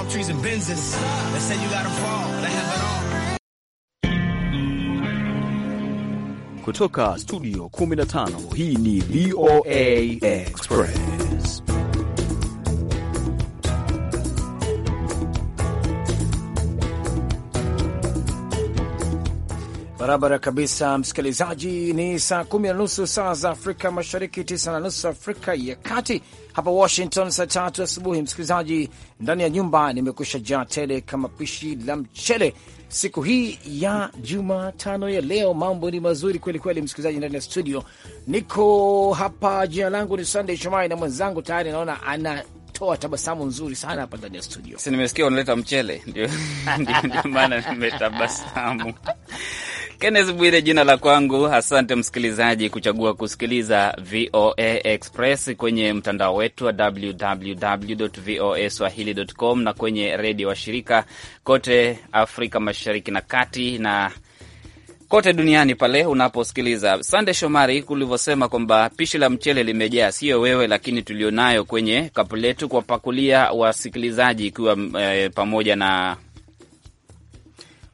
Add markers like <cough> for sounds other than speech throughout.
palm trees and Benzes. They say you gotta fall to have it all. Kutoka studio 15 hii ni VOA Express. Barabara kabisa, msikilizaji. Ni saa kumi na nusu saa za Afrika Mashariki, tisa na nusu Afrika ya Kati, hapa Washington saa tatu asubuhi. Msikilizaji, ndani ya nyumba nimekusha jaa tele kama pishi la mchele siku hii ya Jumatano ya leo. Mambo ni mazuri kwelikweli, kweli, msikilizaji, ndani ya studio niko hapa. Jina langu ni Sandey Shomai na mwenzangu tayari naona ana toa tabasamu nzuri sana hapa ndani ya studio. Si nimesikia unaleta mchele, ndio <laughs> maana nimetabasamu Kenneth Bwire jina la kwangu. Asante msikilizaji kuchagua kusikiliza VOA Express kwenye mtandao wetu wa www voa swahili.com na kwenye redio wa shirika kote Afrika Mashariki na Kati na kote duniani pale unaposikiliza. Sande Shomari, kulivyosema kwamba pishi la mchele limejaa, sio wewe lakini tulionayo kwenye kapu letu pakulia wasikilizaji, ikiwa e, pamoja na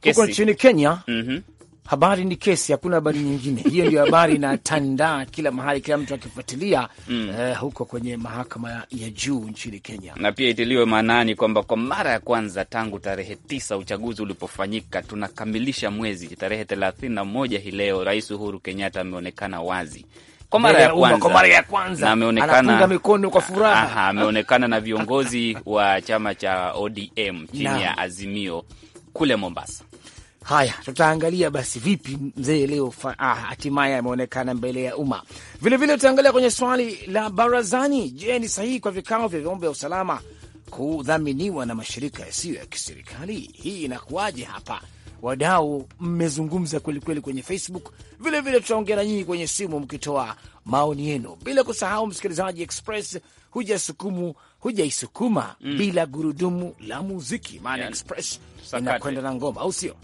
huko nchini Kenya. mm -hmm habari ni kesi, hakuna habari nyingine. Hiyo ndio habari inatandaa kila mahali, kila mtu akifuatilia mm. Uh, huko kwenye mahakama ya juu nchini Kenya. Na pia itiliwe maanani kwamba kwa mara ya kwanza tangu tarehe tisa uchaguzi ulipofanyika, tunakamilisha mwezi tarehe thelathini na moja hii leo, Rais Uhuru Kenyatta ameonekana wazi kwa mara ya kwanza, kwa mara ya kwanza ameonekana mikono kwa furaha. ameonekana na viongozi wa chama cha ODM chini ya Azimio kule Mombasa. Haya, tutaangalia basi vipi mzee leo ah, hatimaye ah, ameonekana mbele ya umma. Vilevile tutaangalia kwenye swali la barazani, je, ni sahihi kwa vikao vya vyombo vya usalama kudhaminiwa na mashirika yasiyo ya kiserikali? Hii inakuwaje hapa? Wadau mmezungumza kwelikweli kwenye Facebook. Vilevile tutaongea na nyinyi kwenye simu mkitoa maoni yenu, bila kusahau msikilizaji Express hujasukumu hujaisukuma mm, bila gurudumu la muziki, maana yani, Express inakwenda na ngoma, au sio?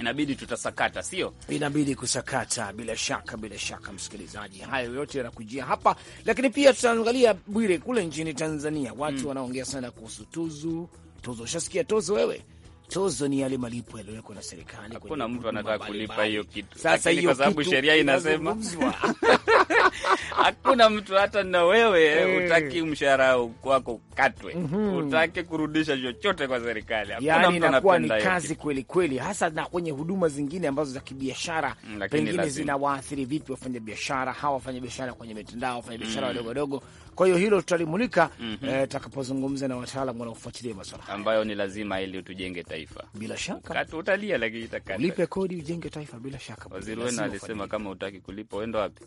inabidi tutasakata, sio inabidi kusakata, bila shaka, bila shaka msikilizaji, hayo yote yanakujia hapa, lakini pia tutaangalia Bwire kule nchini Tanzania watu mm, wanaongea sana kuhusu tuzu Tuzo ushasikia tozo wewe? Tozo ni yale malipo yaliyowekwa na serikali. Hakuna mtu anataka kulipa hiyo kitu, sasa hiyo kwa sababu sheria inasema <laughs> <laughs> hakuna mtu hata na wewe hey. Eh. Utaki mshahara wako katwe mm -hmm. Utaki kurudisha chochote kwa serikali, yani, inakuwa ni kazi kweli kweli, hasa na kwenye huduma zingine ambazo za kibiashara mm, pengine zinawaathiri vipi wafanya biashara hawa wafanya biashara kwenye mitandao wafanya biashara mm. wadogo Kwa hiyo hilo tutalimulika mm -hmm. eh, takapozungumza na wataalam wanaofuatilia maswala ambayo ni lazima ili tujenge taifa. Bila shaka utalia, lakini ulipe kodi ujenge taifa. Bila shaka waziri wenu alisema kama utaki kulipa uende wapi?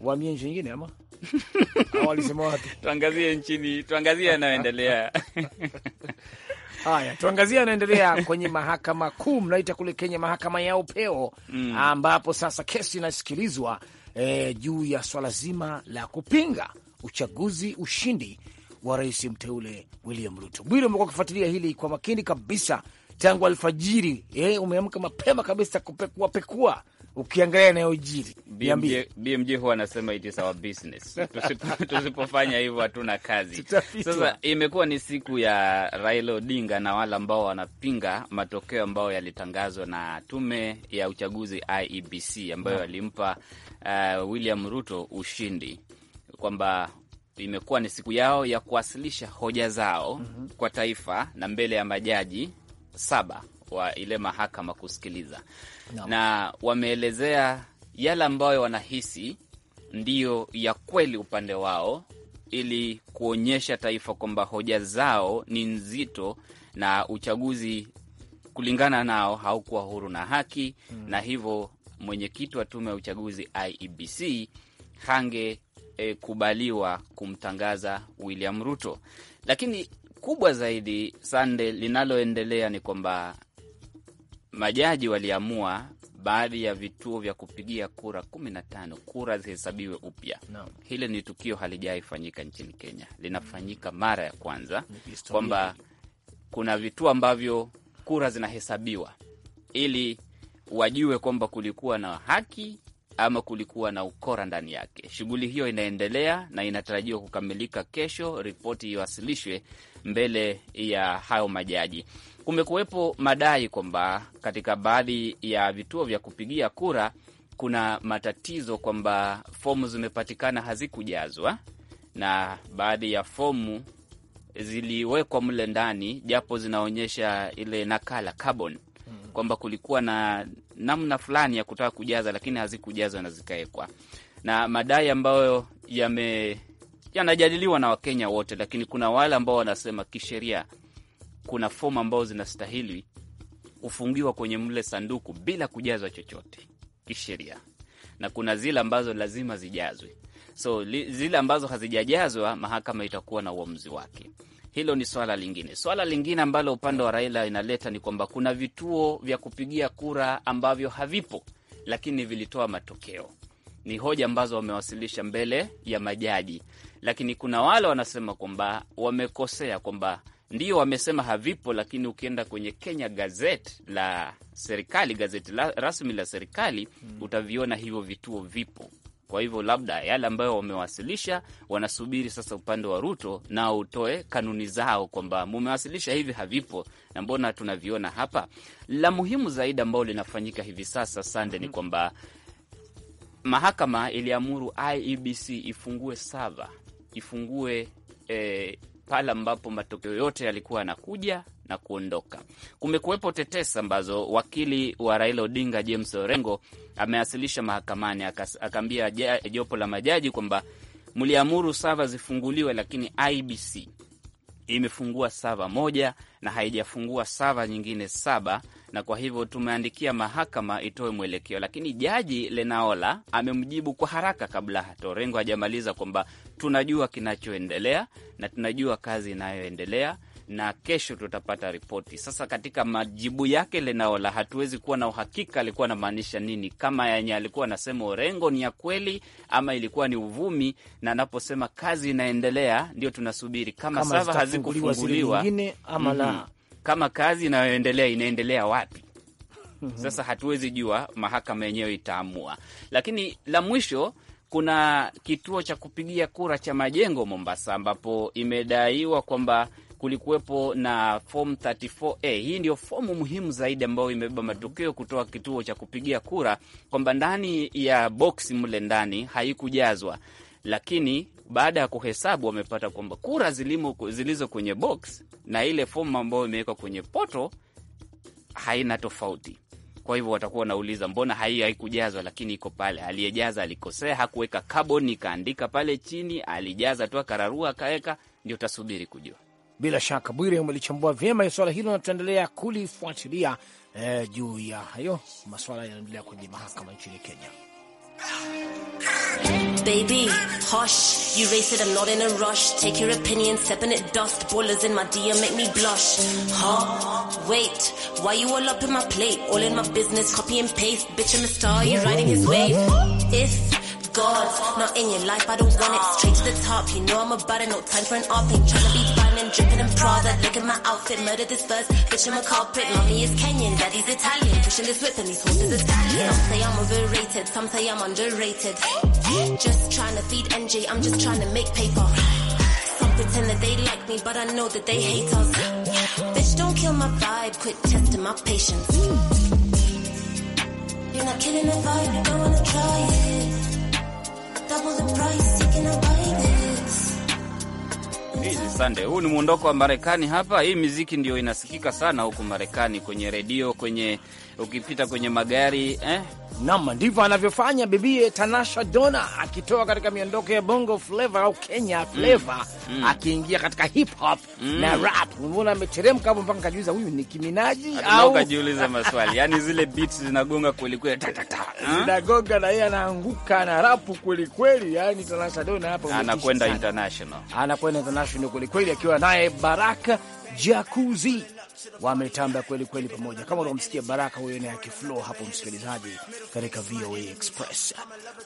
Waambie nchi nyingine ama <laughs> walisema wapi? Tuangazie nchini, tuangazie yanayoendelea. <laughs> Haya, tuangazie yanaendelea kwenye mahakama kuu, mnaita kule Kenya mahakama ya upeo mm, ambapo sasa kesi inasikilizwa eh, juu ya swala zima la kupinga uchaguzi, ushindi wa rais mteule William Ruto. Bwili, umekuwa ukifuatilia hili kwa makini kabisa tangu alfajiri eh, umeamka mapema kabisa kupekuapekua ukiangalia inayojiri BMJ, BMJ huwa anasema it is our business. <laughs> Tusipofanya hivyo hatuna kazi. Sasa imekuwa ni siku ya Raila Odinga na wale ambao wanapinga matokeo ambayo yalitangazwa na tume ya uchaguzi IEBC ambayo ah. yalimpa uh, William Ruto ushindi, kwamba imekuwa ni siku yao ya kuwasilisha hoja zao mm -hmm. kwa taifa na mbele ya majaji saba wa ile mahakama kusikiliza no. na wameelezea yale ambayo wanahisi ndiyo ya kweli upande wao, ili kuonyesha taifa kwamba hoja zao ni nzito na uchaguzi kulingana nao haukuwa huru na haki mm. na hivyo mwenyekiti wa tume ya uchaguzi IEBC hange e, kubaliwa kumtangaza William Ruto. Lakini kubwa zaidi sande linaloendelea ni kwamba majaji waliamua baadhi ya vituo vya kupigia kura kumi na tano kura zihesabiwe upya no. Hili ni tukio halijaifanyika nchini Kenya, linafanyika mara ya kwanza, kwamba kuna vituo ambavyo kura zinahesabiwa ili wajue kwamba kulikuwa na haki ama kulikuwa na ukora ndani yake. Shughuli hiyo inaendelea na inatarajiwa kukamilika kesho, ripoti iwasilishwe mbele ya hayo majaji kumekuwepo madai kwamba katika baadhi ya vituo vya kupigia kura kuna matatizo kwamba fomu zimepatikana hazikujazwa, na baadhi ya fomu ziliwekwa mle ndani japo zinaonyesha ile nakala carbon hmm. kwamba kulikuwa na namna fulani ya kutaka kujaza, lakini hazikujazwa na zikawekwa, na madai ambayo yame yanajadiliwa na Wakenya wote, lakini kuna wale ambao wanasema kisheria kuna fomu ambazo zinastahili kufungiwa kwenye mle sanduku bila kujazwa chochote kisheria, na kuna zile ambazo lazima zijazwe. So li, zile ambazo hazijajazwa mahakama itakuwa na uamuzi wake. Hilo ni swala lingine. Swala lingine ambalo upande wa Raila inaleta ni kwamba kuna vituo vya kupigia kura ambavyo havipo, lakini vilitoa matokeo. Ni hoja ambazo wamewasilisha mbele ya majaji, lakini kuna wale wanasema kwamba wamekosea kwamba ndio wamesema havipo, lakini ukienda kwenye Kenya gazeti la serikali, gazeti la, rasmi la serikali mm, utaviona hivyo vituo vipo. Kwa hivyo labda yale ambayo wamewasilisha, wanasubiri sasa upande wa Ruto nao utoe kanuni zao kwamba mumewasilisha hivi, havipo na mbona tunaviona hapa. La muhimu zaidi ambalo linafanyika hivi sasa sande, ni hmm. kwamba mahakama iliamuru IEBC ifungue sava, ifungue eh, pale ambapo matokeo yote yalikuwa yanakuja na kuondoka. Kumekuwepo tetesi ambazo wakili wa Raila Odinga James Orengo amewasilisha mahakamani, akaambia jopo la majaji kwamba mliamuru sava zifunguliwe, lakini IBC imefungua sava moja na haijafungua sava nyingine saba na kwa hivyo tumeandikia mahakama itoe mwelekeo, lakini jaji Lenaola amemjibu kwa haraka kabla hata Orengo hajamaliza kwamba tunajua kinachoendelea na tunajua kazi inayoendelea na kesho tutapata ripoti. Sasa katika majibu yake Lenaola, hatuwezi kuwa na uhakika alikuwa anamaanisha nini, kama yenye alikuwa anasema Orengo ni ya kweli ama ilikuwa ni uvumi, na anaposema kazi inaendelea ndio tunasubiri kama, kama sava hazikufunguliwa ama la kama kazi inayoendelea inaendelea wapi? Sasa hatuwezi jua, mahakama yenyewe itaamua. Lakini la mwisho, kuna kituo cha kupigia kura cha Majengo Mombasa, ambapo imedaiwa kwamba kulikuwepo na fomu 34A. Hii ndio fomu muhimu zaidi ambayo imebeba matukio kutoka kituo cha kupigia kura, kwamba ndani ya boksi mle ndani haikujazwa lakini baada ya kuhesabu wamepata kwamba kura zilimo, zilizo kwenye box na ile fomu ambayo imewekwa kwenye poto haina tofauti. Kwa hivyo watakuwa wanauliza mbona hai haikujazwa, lakini iko pale. Aliyejaza alikosea, hakuweka kaboni, ikaandika pale chini, alijaza tu akararua akaweka. Ndio tasubiri kujua. Bila shaka Bwire umelichambua vyema swala hilo na tutaendelea kulifuatilia eh, juu ya hayo maswala yanaendelea kwenye mahakama nchini Kenya. Baby, hush, you race it, I'm not in a rush. Take your opinion, stepping it dust. boilers in my DM make me blush. Huh? Wait, why you all up in my plate? All in my business, copy and paste. Bitch, I'm a star, you're riding his wave. If God. Not in your life, I don't want it. Straight to the top, you know I'm about it. No time for an off. Ain't trying to be fine and dripping in Prada. Look at my outfit, murder this verse. Bitch, I'm a Mommy is Kenyan, daddy's Italian. Pushing this whip and these horses is Italian. Some say I'm overrated, some say I'm underrated. Just trying to feed NJ, I'm just trying to make paper. Some pretend that they like me, but I know that they hate us. Bitch, don't kill my vibe, quit testing my patience. You're not killing the vibe, you don't wanna try it. Sande, huu ni mwondoko wa Marekani hapa. Hii miziki ndio inasikika sana huku Marekani, kwenye redio, kwenye ukipita kwenye magari eh? Nam, ndivyo anavyofanya bibie Tanasha Dona akitoka katika miondoko ya bongo flava au Kenya flava mm. mm. akiingia katika hip hop mm. na rap. Unaona ameteremka hapo mpaka kajiuliza huyu ni kiminaji au kajiuliza maswali yani zile beats zinagonga kweli kweli, <laughs> zinagonga na yeye anaanguka na rapu kweli kweli. Yani Tanasha Dona hapo anakwenda international, anakwenda international kweli kweli, akiwa naye Baraka Jakuzi wametamba kweli kweli, pamoja kama unaomsikia Baraka huyo na yakiflow hapo, msikilizaji, katika VOA Express.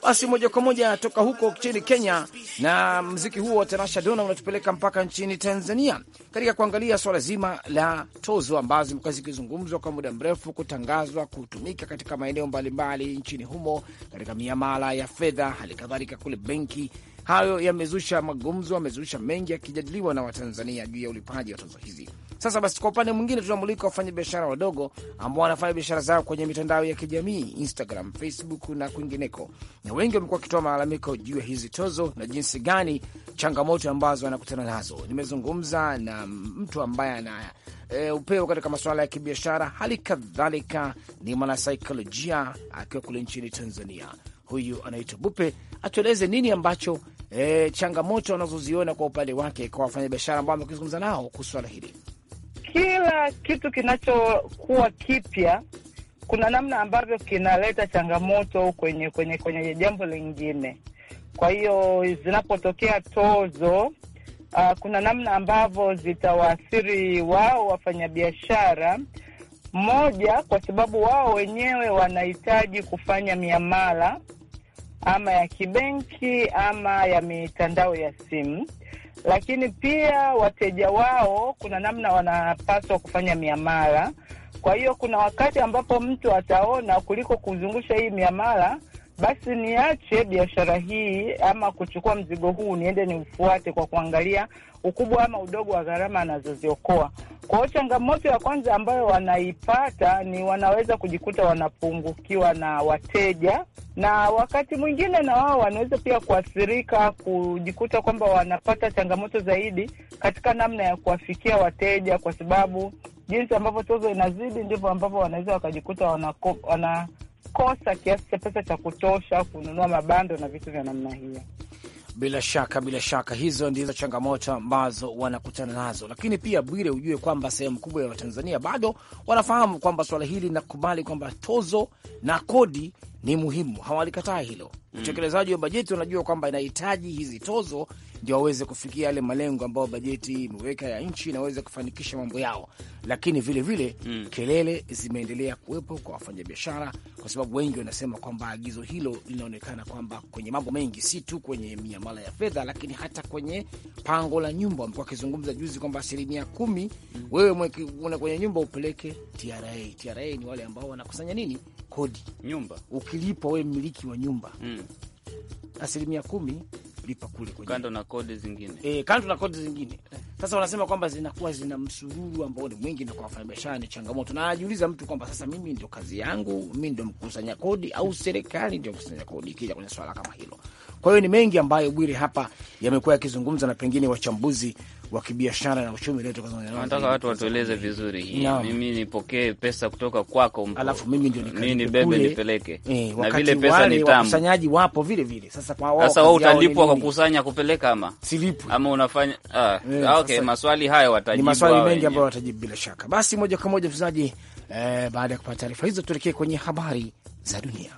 Basi moja kwa moja toka huko nchini Kenya, na mziki huo wa Tanasha Dona unatupeleka mpaka nchini Tanzania katika kuangalia swala zima la tozo ambazo zimekuwa zikizungumzwa kwa muda mrefu, kutangazwa kutumika katika maeneo mbalimbali nchini humo, katika miamala ya fedha, hali kadhalika kule benki Hayo yamezusha magumzo, yamezusha mengi yakijadiliwa na Watanzania juu ya ulipaji wa tozo hizi. Sasa basi, kwa upande mwingine tunamulika wafanyabiashara wadogo ambao wanafanya biashara zao kwenye mitandao ya kijamii Instagram, Facebook na kwingineko, na wengi wamekuwa wakitoa malalamiko juu ya hizi tozo na jinsi gani changamoto ambazo wanakutana nazo. Nimezungumza na mtu ambaye ana e, upeo katika masuala ya kibiashara, hali kadhalika ni mwanasaikolojia akiwa kule nchini Tanzania. Huyu anaitwa Bupe, atueleze nini ambacho e, changamoto wanazoziona kwa upande wake kwa wafanyabiashara ambao amekizungumza nao kuhusu swala hili? Kila kitu kinachokuwa kipya kuna namna ambavyo kinaleta changamoto kwenye kwenye kwenye jambo lingine. Kwa hiyo zinapotokea tozo Uh, kuna namna ambavyo zitawaathiri wao wafanyabiashara. Moja, kwa sababu wao wenyewe wanahitaji kufanya miamala ama ya kibenki ama ya mitandao ya simu, lakini pia wateja wao kuna namna wanapaswa kufanya miamala. Kwa hiyo kuna wakati ambapo mtu ataona kuliko kuzungusha hii miamala basi niache biashara hii ama kuchukua mzigo huu, niende niufuate kwa kuangalia ukubwa ama udogo wa gharama anazoziokoa. Kwa hiyo changamoto ya kwanza ambayo wanaipata ni wanaweza kujikuta wanapungukiwa na wateja, na wakati mwingine na wao wanaweza pia kuathirika, kujikuta kwamba wanapata changamoto zaidi katika namna ya kuwafikia wateja, kwa sababu jinsi ambavyo tozo inazidi ndivyo ambavyo wanaweza wakajikuta wanako, wana kukosa kiasi cha pesa cha kutosha kununua mabando na vitu vya namna hiyo. Bila shaka, bila shaka, hizo ndizo changamoto ambazo wanakutana nazo. Lakini pia Bwire, ujue kwamba sehemu kubwa ya Watanzania bado wanafahamu kwamba swala hili linakubali kwamba tozo na kodi ni muhimu, hawalikataa hilo. Mm. Utekelezaji wa bajeti wanajua kwamba inahitaji hizi tozo ndio waweze kufikia yale malengo ambayo bajeti imeweka ya nchi na waweze kufanikisha mambo yao, lakini vilevile vile, mm. kelele zimeendelea kuwepo kwa wafanyabiashara, kwa sababu wengi wanasema kwamba agizo hilo linaonekana kwamba kwenye mambo mengi, si tu kwenye miamala ya fedha, lakini hata kwenye pango la nyumba. Wamekuwa wakizungumza juzi kwamba asilimia kumi mm. wewe una kwenye nyumba upeleke TRA. TRA ni wale ambao wanakusanya nini kodi nyumba, ukilipwa wewe mmiliki wa nyumba mm. asilimia kumi lipa kule kwenye kando na kodi zingine e, kando na kodi zingine. Sasa wanasema kwamba zinakuwa zina msururu ambao ni mwingi, na kwa wafanyabiashara ni changamoto, na anajiuliza mtu kwamba sasa mimi ndio kazi yangu, mimi ndio mkusanya kodi au serikali ndio mkusanya kodi, ikija kwenye swala kama hilo. Kwa hiyo ni mengi ambayo Bwire hapa yamekuwa yakizungumza na pengine wachambuzi wa kibiashara na uchumi uliotoka Tanzania. Nataka watu watueleze vizuri hii. No. Mimi nipokee pesa kutoka kwako, mpo. alafu mimi ndio nibebe nipeleke. Eh, na vile pesa ni tamu. Wakusanyaji wapo vile vile. Sasa kwa wao, sasa wao utalipwa kwa kukusanya kupeleka ama silipu ama unafanya ah, e, okay, maswali hayo watajibu. Ni maswali mengi ambayo watajibu bila shaka. Basi moja kwa moja mchezaji, eh, baada ya kupata taarifa hizo tuelekee kwenye habari za dunia.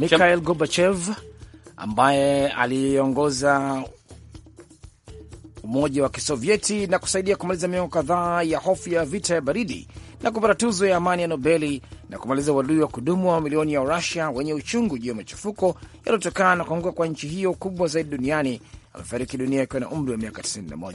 Mikhail Gorbachev ambaye aliongoza Umoja wa kisovieti na kusaidia kumaliza miongo kadhaa ya hofu ya vita ya baridi na kupata tuzo ya amani ya Nobeli na kumaliza uadui wa kudumu wa milioni ya Urusia wenye uchungu juu ya machafuko yaliyotokana na kuanguka kwa nchi hiyo kubwa zaidi duniani. Amefariki dunia akiwa na umri wa miaka 91.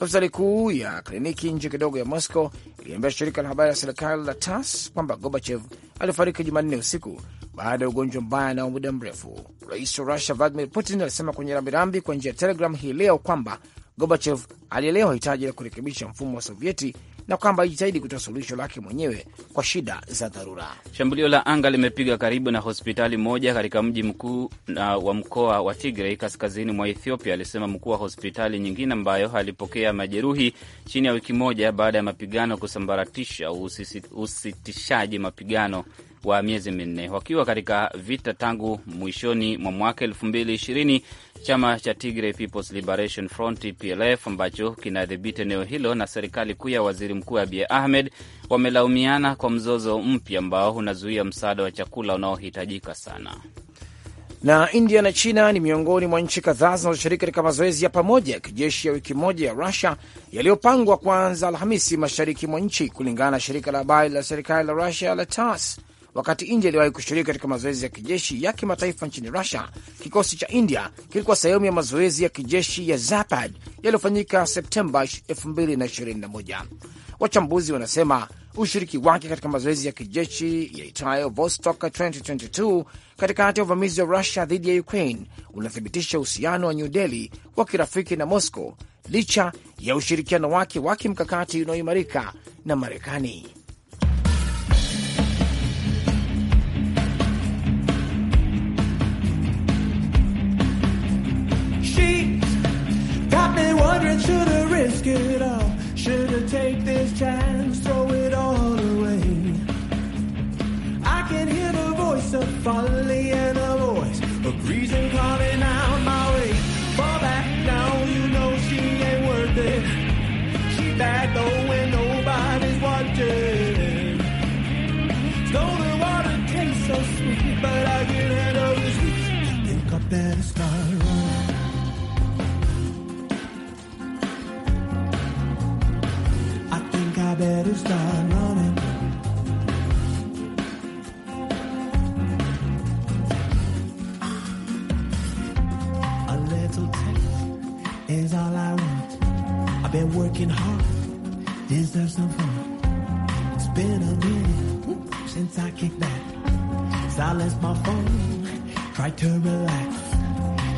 Hospitali kuu ya kliniki nje kidogo ya Moscow iliambia shirika la habari la serikali la tas kwamba Gorbachev alifariki Jumanne usiku baada ya ugonjwa mbaya na wa muda mrefu. Rais wa Rusia Vladimir Putin alisema kwenye rambirambi kwa njia ya Telegram hii leo kwamba Gorbachev alielewa hitaji la kurekebisha mfumo wa Sovieti na kwamba alijitahidi kutoa suluhisho lake mwenyewe kwa shida za dharura. Shambulio la anga limepiga karibu na hospitali moja katika mji mkuu wa mkoa wa tigrey kaskazini mwa Ethiopia, alisema mkuu wa hospitali nyingine ambayo alipokea majeruhi chini ya wiki moja baada ya mapigano kusambaratisha usitishaji mapigano wa miezi minne wakiwa katika vita tangu mwishoni mwa mwaka elfu mbili ishirini. Chama cha Tigray People's Liberation Front TPLF ambacho kinadhibiti eneo hilo na serikali kuu ya waziri mkuu Abiy Ahmed wamelaumiana kwa mzozo mpya ambao unazuia msaada wa chakula unaohitajika sana. Na India na China ni miongoni mwa nchi kadhaa zinazoshiriki katika mazoezi ya pamoja ya kijeshi ya wiki moja ya Rusia yaliyopangwa kuanza Alhamisi mashariki mwa nchi, kulingana na shirika la habari la serikali la Rusia la TASS. Wakati India iliwahi kushiriki katika mazoezi ya kijeshi ya kimataifa nchini Rusia, kikosi cha India kilikuwa sehemu ya mazoezi ya kijeshi ya Zapad yaliyofanyika Septemba 2021. Wachambuzi wanasema ushiriki wake katika mazoezi ya kijeshi yaitayo Vostok 2022 katikati ya uvamizi wa Rusia dhidi ya Ukraine unathibitisha uhusiano wa New Delhi wa kirafiki na Moscow licha ya ushirikiano wake wa kimkakati unaoimarika na Marekani. get working hard. Is there some fun? It's been a minute since I kicked back. Silenced my phone, tried to relax.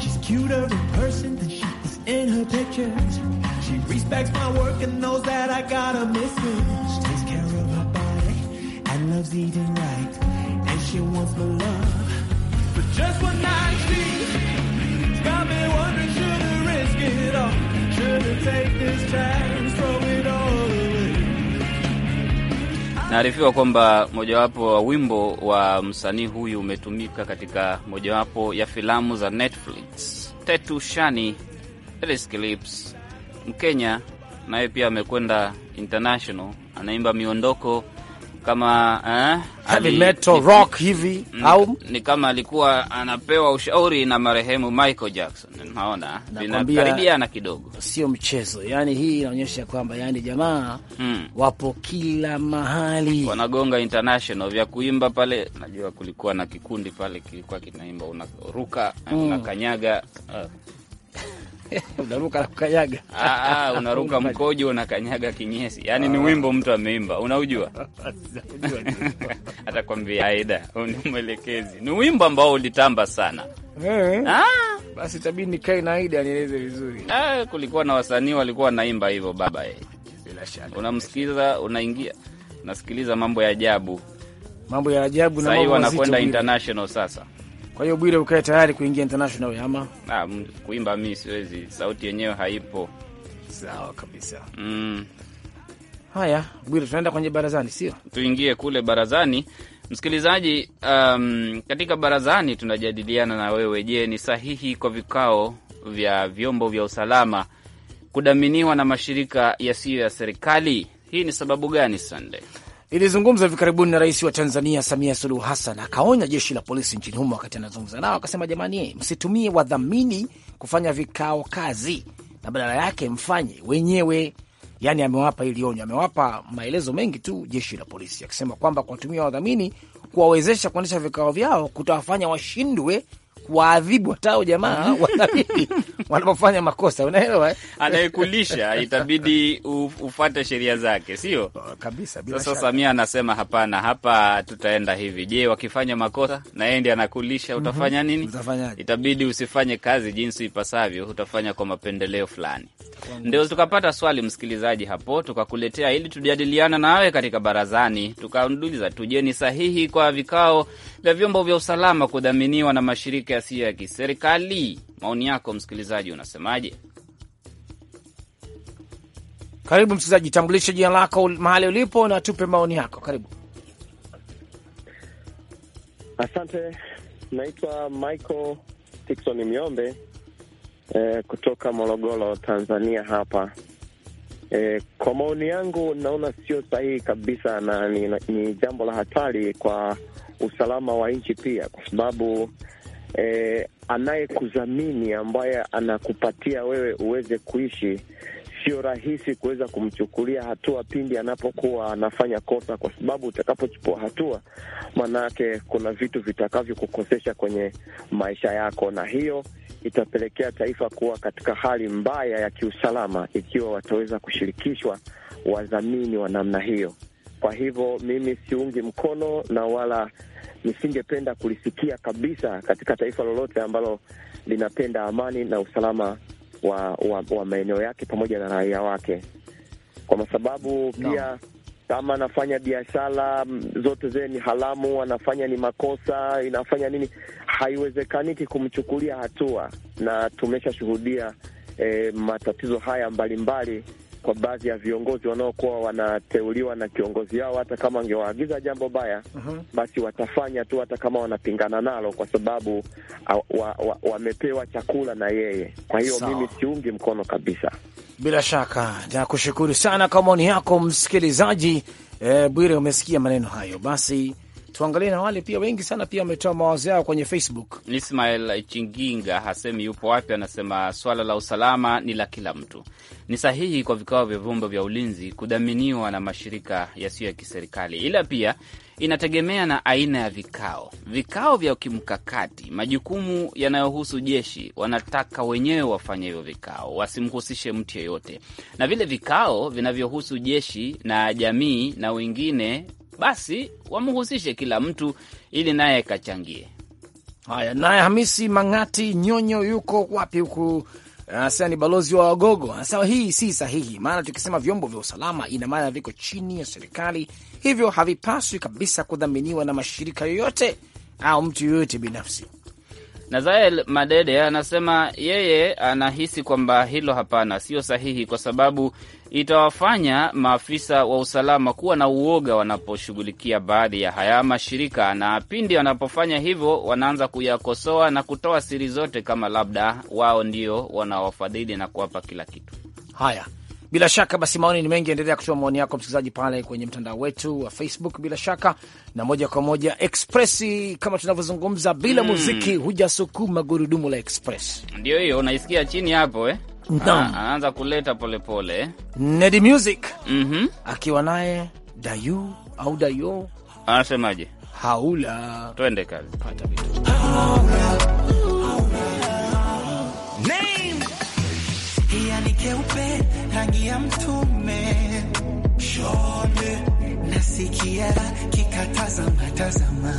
She's cuter in person than she is in her pictures. She respects my work and knows that I gotta miss it. She takes care of her body and loves eating right. And she wants my love. But just one night, she got me wondering should I Naarifiwa kwamba mojawapo wa wimbo wa msanii huyu umetumika katika mojawapo ya filamu za Netflix. Tetu Shani Clips, Mkenya naye pia amekwenda international, anaimba miondoko kama eh, ali, metal ni, rock hivi ni, au ni kama alikuwa anapewa ushauri na marehemu Michael Jackson. Naona vinakaribiana kidogo, sio mchezo. Yani hii inaonyesha kwamba yani jamaa hmm, wapo kila mahali, wanagonga international vya kuimba pale. Najua kulikuwa na kikundi pale kilikuwa kinaimba unaruka, hmm, unakanyaga uh. <laughs> unaruka na kukanyaga. Ah, ah unaruka mkojo unakanyaga kinyesi, yaani ni wimbo mtu ameimba, unaujua <laughs> atakwambia aida, ni mwelekezi, ni wimbo ambao ulitamba sana. Eh. Ah, basi tabii nikae na Aida anieleze vizuri. Ah, kulikuwa na wasanii walikuwa wanaimba hivyo baba, eh. bila shaka unamsikiliza, unaingia unasikiliza mambo ya ajabu, mambo ya ajabu na mambo mazito. Sasa wanakwenda international sasa kwa hiyo Bwire, ukae tayari kuingia international ama? Ah, kuimba mi siwezi, sauti yenyewe haipo. Sawa kabisa. Mm. Haya Bwire, tunaenda kwenye barazani, sio? Tuingie kule barazani. Msikilizaji, um, katika barazani tunajadiliana na wewe. Je, ni sahihi kwa vikao vya vyombo vya usalama kudaminiwa na mashirika yasiyo ya serikali? Hii ni sababu gani, Sande? ilizungumza hivi karibuni na rais wa Tanzania Samia Suluhu Hassan, akaonya jeshi la polisi nchini humo wakati anazungumza nao, akasema jamani, msitumie wadhamini kufanya vikao kazi, na badala yake mfanye wenyewe. Yani amewapa hili onyo, amewapa maelezo mengi tu jeshi la polisi, akisema kwamba kuwatumia wadhamini kuwawezesha kuendesha vikao vyao kutawafanya washindwe kuwaadhibu hatao jamaa <laughs> wanabidi wanapofanya makosa, unaelewa, eh? anayekulisha <laughs> itabidi ufate sheria zake, sio oh, kabisa. Bila sasa, Samia anasema hapana, hapa tutaenda hivi. Je, wakifanya makosa na yeye ndiye anakulisha, mhm. utafanya nini? Utafanyaje? Itabidi usifanye kazi jinsi ipasavyo, utafanya kwa mapendeleo fulani. Ndio tukapata swali msikilizaji hapo, tukakuletea ili tujadiliana nawe katika barazani, tukaunduliza tujeni sahihi kwa vikao vya vyombo vya usalama kudhaminiwa na mashirika yasiyo ya kiserikali. Maoni yako msikilizaji, unasemaje? Karibu msikilizaji, tambulishe jina lako, mahali ulipo na tupe maoni yako. Karibu. Asante, naitwa Michael Tikson Miombe eh, kutoka Morogoro, Tanzania hapa eh, kwa maoni yangu naona sio sahihi kabisa na ni, ni jambo la hatari kwa usalama wa nchi pia, kwa sababu eh, anayekudhamini ambaye anakupatia wewe uweze kuishi, sio rahisi kuweza kumchukulia hatua pindi anapokuwa anafanya kosa, kwa sababu utakapochukua hatua, maanake kuna vitu vitakavyokukosesha kwenye maisha yako, na hiyo itapelekea taifa kuwa katika hali mbaya ya kiusalama ikiwa wataweza kushirikishwa wadhamini wa namna hiyo. Kwa hivyo mimi siungi mkono na wala nisingependa kulisikia kabisa katika taifa lolote ambalo linapenda amani na usalama wa, wa, wa maeneo yake pamoja na raia wake, kwa sababu pia no. Kama anafanya biashara zote zile ni haramu, anafanya ni makosa, inafanya nini, haiwezekaniki kumchukulia hatua, na tumeshashuhudia eh, matatizo haya mbalimbali mbali kwa baadhi ya viongozi wanaokuwa wanateuliwa na kiongozi yao, hata kama angewaagiza jambo baya uh mhm. -huh. basi watafanya tu, hata kama wanapingana nalo, kwa sababu wamepewa wa, wa chakula na yeye. Kwa hiyo so, mimi siungi mkono kabisa. Bila shaka nakushukuru sana kwa maoni yako msikilizaji. E, Bwire, umesikia maneno hayo basi tuangalie na wale pia wengi sana pia wametoa mawazo yao kwenye Facebook. Ismael Chinginga hasemi yupo wapi, anasema swala la usalama ni la kila mtu. Ni sahihi kwa vikao vya vyombo vya ulinzi kudhaminiwa na mashirika yasiyo ya kiserikali, ila pia inategemea na aina ya vikao. Vikao vya kimkakati, majukumu yanayohusu jeshi, wanataka wenyewe wafanye hivyo vikao, wasimhusishe mtu yeyote, na vile vikao vinavyohusu jeshi na jamii na wengine basi wamhusishe kila mtu ili naye kachangie Haya, naye Hamisi Mang'ati Nyonyo yuko wapi huku? Anasema ni balozi wa Wagogo. Anasema hii si sahihi, maana tukisema vyombo vya usalama ina maana viko chini ya serikali, hivyo havipaswi kabisa kudhaminiwa na mashirika yoyote au mtu yoyote binafsi. Nazael Madede anasema yeye anahisi kwamba hilo hapana, sio sahihi, kwa sababu itawafanya maafisa wa usalama kuwa na uoga wanaposhughulikia baadhi ya haya mashirika, na pindi wanapofanya hivyo wanaanza kuyakosoa na kutoa siri zote, kama labda wao ndio wanawafadhili na kuwapa kila kitu. Haya, bila shaka basi, maoni ni mengi. Endelea kutoa maoni yako msikilizaji, pale kwenye mtandao wetu wa Facebook, bila shaka na moja kwa moja Express. Kama tunavyozungumza bila mm, muziki hujasukuma gurudumu la Express. Ndio hiyo unaisikia chini hapo eh? Ah, anaanza kuleta polepole pole. Eh? Ned Music mm -hmm. akiwa naye Dayu au Dayo anasemaje? Haula, twende kazi, pata vitu name rangi ya mtume shone nasikia kikatazama tazama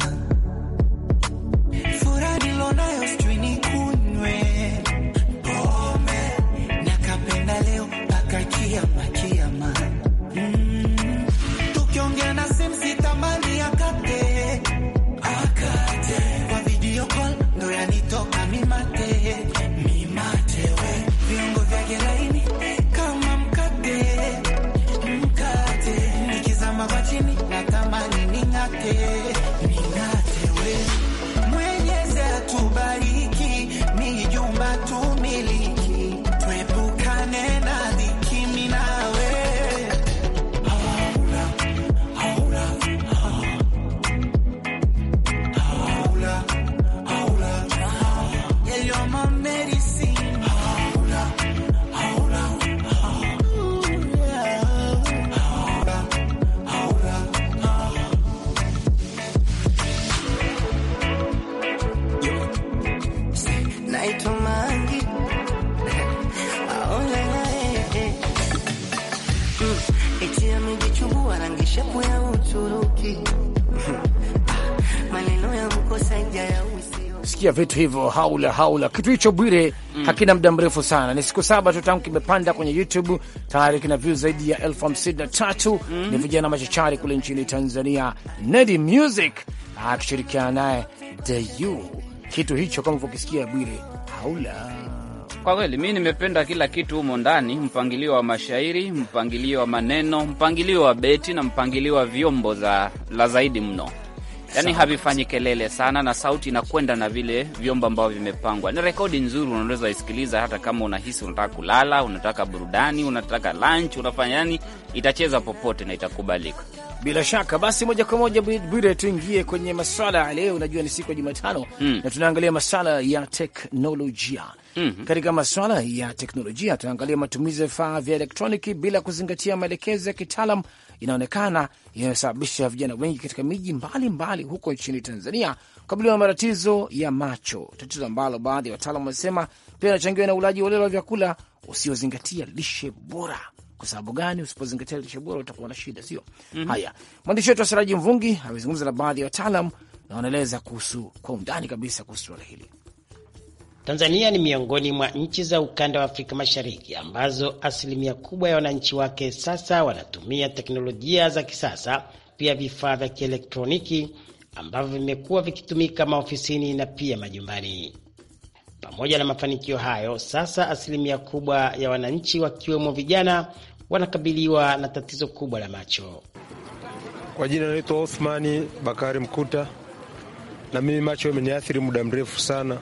Unasikia vitu hivyo, haula haula, kitu hicho Bwire mm. hakina muda mrefu sana, ni siku saba tu tangu kimepanda kwenye YouTube, tayari kina views zaidi ya elfu hamsini na tatu mm. ni vijana machachari kule nchini Tanzania, Nedi Music akishirikiana naye Dayu. Kitu hicho kama ukisikia Bwire, haula kwa kweli mi nimependa kila kitu humo ndani, mpangilio wa mashairi, mpangilio wa maneno, mpangilio wa beti na mpangilio wa vyombo za la zaidi mno yani havifanyi kelele sana, na sauti inakwenda na vile vyombo ambavyo vimepangwa. Ni rekodi nzuri, unaweza isikiliza hata kama unahisi unataka kulala, unataka burudani, unataka lunch, unafanya yani, itacheza popote na itakubalika bila shaka. Basi moja kwa moja Bwire, tuingie kwenye maswala leo. Unajua ni siku ya Jumatano mm. na tunaangalia maswala ya teknolojia mm -hmm. Katika maswala ya teknolojia tunaangalia matumizi ya vifaa vya elektroniki bila kuzingatia maelekezo ya kitaalam inaonekana inayosababisha vijana wengi katika miji mbalimbali huko nchini Tanzania kukabiliwa na matatizo ya macho, tatizo ambalo baadhi ya wataalam wanasema pia inachangiwa na ulaji holela wa vyakula usiozingatia lishe bora. Kwa sababu gani? Usipozingatia lishe bora utakuwa na shida, sio? mm -hmm. Haya, mwandishi wetu wa Siraji Mvungi amezungumza na baadhi ya wataalam na wanaeleza kuhusu kwa undani kabisa kuhusu suala hili. Tanzania ni miongoni mwa nchi za ukanda wa Afrika Mashariki ambazo asilimia kubwa ya wananchi wake sasa wanatumia teknolojia za kisasa, pia vifaa vya kielektroniki ambavyo vimekuwa vikitumika maofisini na pia majumbani. Pamoja na mafanikio hayo, sasa asilimia kubwa ya wananchi wakiwemo vijana wanakabiliwa na tatizo kubwa la macho. Kwa jina naitwa Othmani Bakari Mkuta, na mimi macho imeniathiri muda mrefu sana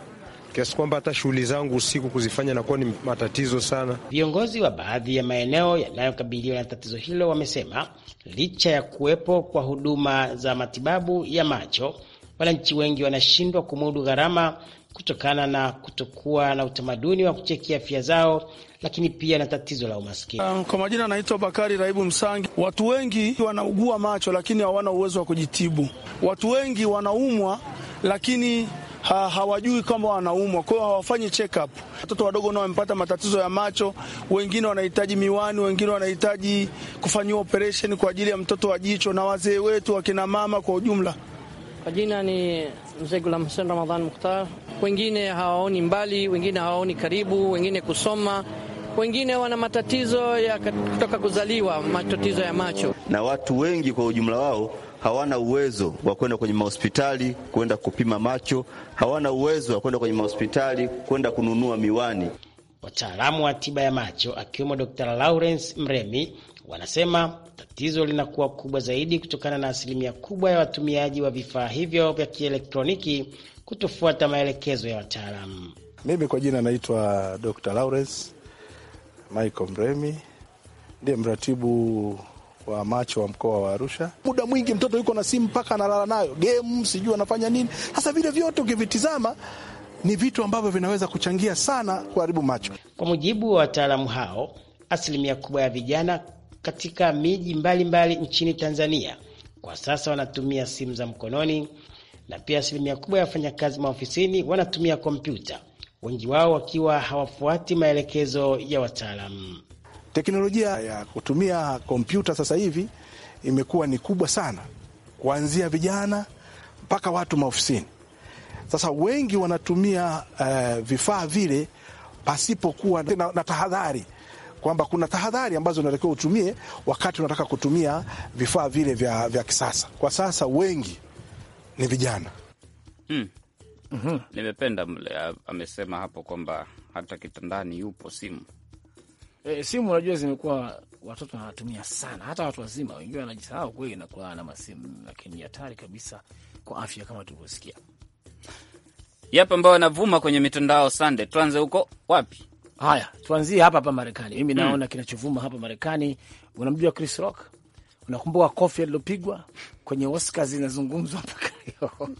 kiasi kwamba hata shughuli zangu usiku kuzifanya nakuwa ni matatizo sana. Viongozi wa baadhi ya maeneo yanayokabiliwa na tatizo hilo wamesema licha ya kuwepo kwa huduma za matibabu ya macho, wananchi wengi wanashindwa kumudu gharama kutokana na kutokuwa na utamaduni wa kucheki afya zao, lakini pia na tatizo la umaskini. Um, kwa majina anaitwa Bakari Raibu Msangi. Watu wengi wanaugua macho lakini hawana uwezo wa kujitibu. Watu wengi wanaumwa lakini ha, hawajui kwamba wanaumwa, kwa hiyo hawafanyi check up. Watoto wadogo nao wamepata matatizo ya macho, wengine wanahitaji miwani, wengine wanahitaji kufanyiwa operation kwa ajili ya mtoto wa jicho, na wazee wetu, wakina mama kwa ujumla. Kwa jina ni mzee Gulam Hussein Ramadhan Mukhtar. Wengine hawaoni mbali, wengine hawaoni karibu, wengine kusoma wengine wana matatizo ya kutoka kuzaliwa, matatizo ya macho, na watu wengi kwa ujumla wao hawana uwezo wa kwenda kwenye mahospitali kwenda kupima macho, hawana uwezo wa kwenda kwenye mahospitali kwenda kununua miwani. Wataalamu wa tiba ya macho akiwemo Dr. Lawrence Mremi wanasema tatizo linakuwa kubwa zaidi kutokana na asilimia kubwa ya watumiaji wa vifaa hivyo vya kielektroniki kutofuata maelekezo ya wataalamu. Mimi kwa jina naitwa Dr. Lawrence Michael Mremi, ndiye mratibu wa macho wa mkoa wa Arusha. Muda mwingi mtoto yuko na simu mpaka analala nayo, game sijui anafanya nini. Sasa vile vyote ukivitizama ni vitu ambavyo vinaweza kuchangia sana kuharibu macho. Kwa mujibu wa wataalamu hao, asilimia kubwa ya vijana katika miji mbalimbali nchini Tanzania kwa sasa wanatumia simu za mkononi, na pia asilimia kubwa ya wafanyakazi maofisini wanatumia kompyuta, wengi wao wakiwa hawafuati maelekezo ya wataalamu. Teknolojia ya kutumia kompyuta sasa hivi imekuwa ni kubwa sana, kuanzia vijana mpaka watu maofisini. Sasa wengi wanatumia uh, vifaa vile pasipokuwa na, na tahadhari kwamba kuna tahadhari ambazo unatakiwa utumie wakati unataka kutumia vifaa vile vya, vya kisasa. Kwa sasa wengi ni vijana hmm. mm -hmm. Nimependa mle amesema hapo kwamba hata kitandani yupo simu E, simu unajua zimekuwa watoto wanatumia sana, hata watu wazima wengine wanajisahau kweli na kulala na masimu, lakini hatari kabisa kwa afya kama tulivyosikia. Yapo ambao wanavuma kwenye mitandao sande. Tuanze huko wapi? Haya, tuanzie hapa hapa Marekani. Mimi hmm. naona mm, kinachovuma hapa Marekani, unamjua Chris Rock? Unakumbuka kofi alilopigwa kwenye Oscars, inazungumzwa hapa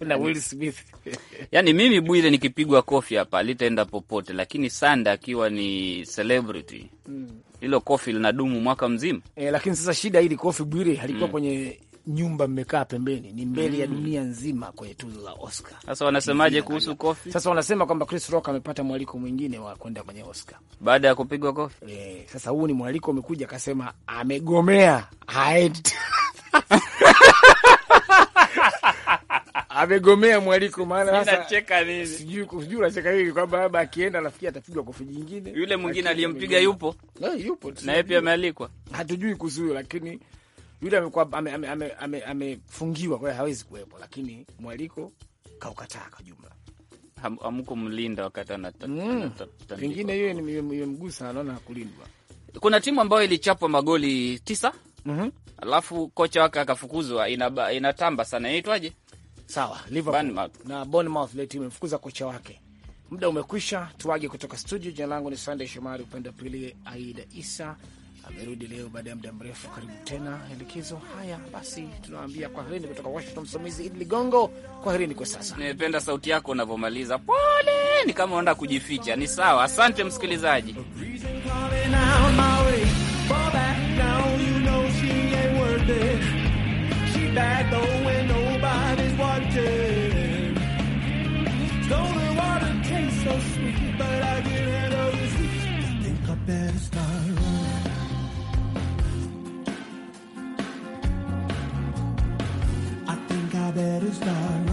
na yaani Will Smith <laughs> yani, mimi Bwire, nikipigwa kofi hapa litaenda popote, lakini Sanda akiwa ni celebrity hmm. hilo mm. kofi linadumu mwaka mzima e, lakini sasa shida hili kofi Bwire halikuwa mm. kwenye nyumba mmekaa pembeni, ni mbele mm. ya hmm. dunia nzima kwenye tuzo la Oscar. Sasa wanasemaje kuhusu kofi? Sasa wanasema kwamba Chris Rock amepata mwaliko mwingine wa kwenda kwenye Oscar baada ya kupigwa kofi e, sasa huu ni mwaliko umekuja, akasema amegomea haendi <laughs> amegomea mwaliko, maana sasa nacheka nini? Sijui sijui, unacheka hivi kwamba baba akienda rafiki atapigwa kofi nyingine. Yule mwingine aliyempiga yupo na yupo na yeye pia amealikwa, hatujui kuhusu huyo, lakini yule amekuwa amefungiwa, kwa hiyo hawezi kuwepo, lakini mwaliko kaukataa kwa jumla amko mlinda wakati anatata. Mm. Pengine hiyo imemgusa, anaona kulindwa. Kuna timu ambayo ilichapwa magoli tisa, mm -hmm. alafu kocha wake akafukuzwa. Inatamba sana, inaitwaje? Sawa, Liverpool na Bournemouth leo timu imefukuza kocha wake. Muda umekwisha, tuage kutoka studio. Jina langu ni Sandey Shomari, upande wa pili Aida Isa amerudi leo baada ya muda mrefu. Karibu tena elekezo. Haya basi, tunawaambia kwaherini kutoka Washington. Msimamizi Idi Ligongo, kwaherini kwa sasa. Nimependa sauti yako unavyomaliza, pole, ni kama unaenda kujificha. Ni sawa, asante msikilizaji. is done.